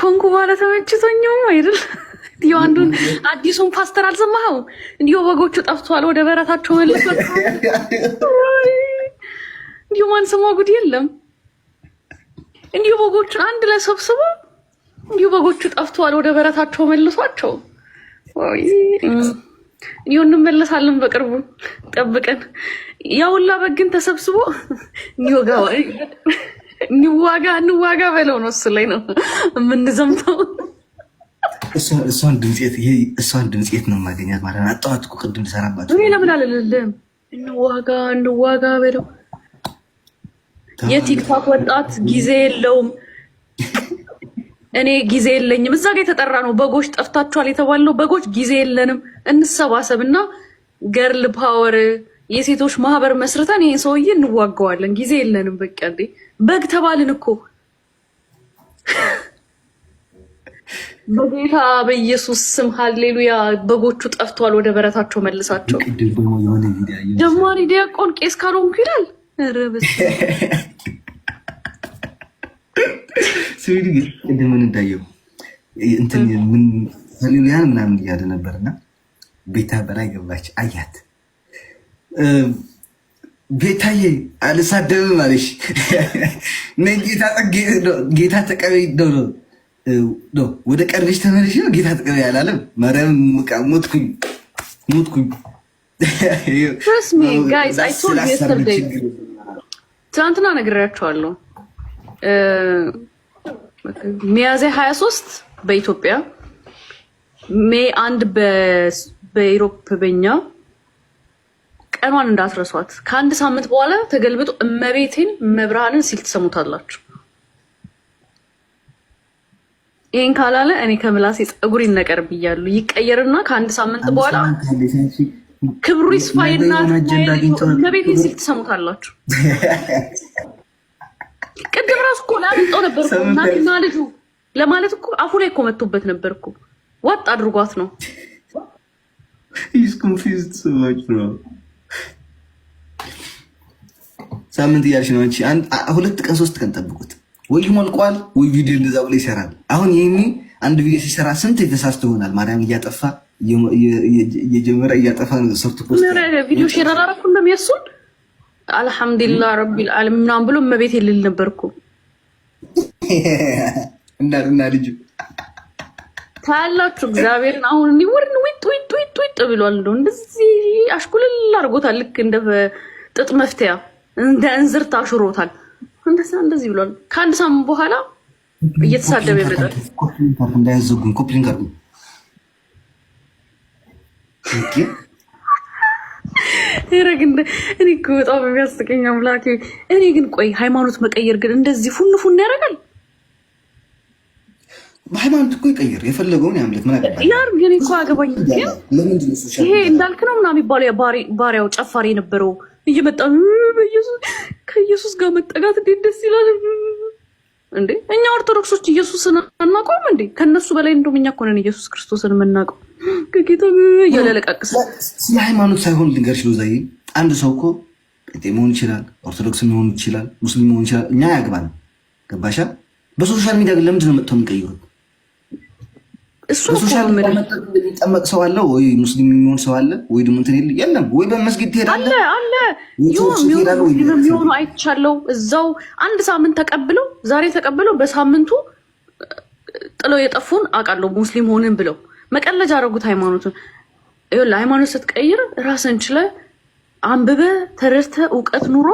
ኮንኩ በኋላ ተመችቶኝም አይደል? እንዲሁ አንዱን አዲሱን ፓስተር አልሰማኸው? እንዲሁ በጎቹ ጠፍተዋል፣ ወደ በረታቸው መልሶ እንዲሁ ማን ስሟ ጉድ የለም። እንዲሁ በጎቹን አንድ ላይ ሰብስቦ እንዲሁ በጎቹ ጠፍተዋል፣ ወደ በረታቸው መልሷቸው። እንዲሁ እንመለሳለን በቅርቡ ጠብቀን፣ ያውላ በግን ተሰብስቦ እንዲሁ እንዋጋ እንዋጋ በለው ነው። እሱ ላይ ነው የምንዘምተው። እሷን ድምፄት ነው የማገኛት ማለት ነው። አጣኋት እኮ ቅድም ልሰራባት እኔ ለምን አልልልም? እንዋጋ እንዋጋ በለው። የቲክቶክ ወጣት ጊዜ የለውም። እኔ ጊዜ የለኝም። እዛ ጋ የተጠራ ነው። በጎች ጠፍታችኋል የተባለው በጎች ጊዜ የለንም። እንሰባሰብ እና ገርል ፓወር የሴቶች ማህበር መስርተን ይህን ሰውዬ እንዋገዋለን። ጊዜ የለንም። በቃ እንዴ በግ ተባልን እኮ በጌታ በኢየሱስ ስም ሀሌሉያ። በጎቹ ጠፍቷል፣ ወደ በረታቸው መልሳቸው። ደማሪ ዲያቆን ቄስ ካልሆንኩ ይላል። ኧረ በስመ አብ ምን እንዳየው እንትን ምን ሀሌሉያን ምናምን እያለ ነበርና ቤታ በላይ ገባች አያት ቤታዬ አልሳደብም አለሽ። ጌታ ጌታ ተቀበይ ወደ ቀርቤሽ ተመለሽ ነው ጌታ ተቀበይ አላለም። ማርያም ሞትኩኝ ሞትኩኝ። ትናንትና ነግሬያቸዋለሁ። ሚያዝያ ሀያ ሶስት በኢትዮጵያ ሜይ አንድ በኢሮፕ በኛ ቀኗን እንዳትረሷት። ከአንድ ሳምንት በኋላ ተገልብጦ እመቤቴን መብርሃንን ሲል ትሰሙታላችሁ። ይህን ካላለ እኔ ከምላሴ ፀጉር ይነቀር ብያሉ። ይቀየርና ከአንድ ሳምንት በኋላ ክብሩ ይስፋይና እመቤቴን ሲል ትሰሙታላችሁ። ቅድም ራሱ እኮ ላመጣው ነበር እናትና ልጁ ለማለት እኮ አፉ ላይ እኮ መቶበት ነበር እኮ ዋጥ አድርጓት ነው። ሳምንት እያልሽ ነው። ሁለት ቀን ሶስት ቀን ጠብቁት። ወይ ሞልቋል፣ ወይ ቪዲዮ እንደዛ ብሎ ይሰራል። አሁን ይህኒ አንድ ቪዲዮ ሲሰራ ስንት የተሳስተ ይሆናል። ማርያም እያጠፋ እየጀመረ እያጠፋ ሰርቶ ቪዲዮ ሼር አላረኩለም። የሱን አልሐምዱሊላህ ረቢል ዓለሚን ምናምን ብሎ እመቤት የልል ነበርኩ እናትና ልጁ ታያላችሁ እግዚአብሔርን አሁን እኔ ዊጥ ዊጥ ዊጥ ዊጥ ብሏል። እንደው እንደዚህ አሽኩልል አድርጎታል። ልክ እንደ ጥጥ መፍትያ እንደ እንዝር ታሽሮታል። እንደዛ እንደዚህ ብሏል። ከአንድ ሳምንት በኋላ እየተሳደበ ይመጣል። እንዳያዘጉኝ ኮፕሊንግ አድርጉኝ። ኧረ እኔ እኮ በጣም የሚያስቀኝ አምላኬ። እኔ ግን ቆይ ሃይማኖት መቀየር ግን እንደዚህ ፉን ፉን ያደርጋል? በሃይማኖት እኮ ይቀይር የፈለገውን ያምልክ። ምን አገባኝ ያርግ። እኔ እኮ አገባኝ። ይሄ እንዳልክ ነው ምናምን የሚባለው ባሪያው ጨፋሪ የነበረው እየመጣ ከኢየሱስ ጋር መጠጋት እንዴት ደስ ይላል እንዴ! እኛ ኦርቶዶክሶች ኢየሱስን አናውቀውም እንዴ? ከእነሱ በላይ እንደውም እኛ እኮ ነን ኢየሱስ ክርስቶስን የምናውቀው። ከጌታ እያለለቃቅስ ስለ ሃይማኖት ሳይሆን ልንገርሽ ዛይ አንድ ሰው እኮ ጴንጤ መሆን ይችላል፣ ኦርቶዶክስ መሆን ይችላል፣ ሙስሊም መሆን ይችላል። እኛ ያግባል። ገባሻ? በሶሻል ሚዲያ ግን ለምንድን ነው መጥተው የሚቀይሩት? በሶሻል ሚዲያ የሚጠመቅ ሰው አለ ወይ? ሙስሊም የሚሆን ሰው አለ ወይ? ደግሞ እንትን የለም ወይ? በመስጊድ ትሄዳለህ አለ የሚሆኑ አይቻለው። እዛው አንድ ሳምንት ተቀብለው ዛሬ ተቀብለው በሳምንቱ ጥለው የጠፉን አውቃለሁ። ሙስሊም ሆንን ብለው መቀለጃ አደረጉት ሃይማኖቱን። ሃይማኖት ስትቀይር ራስን ችለህ አንብበህ ተረድተህ እውቀት ኑሮ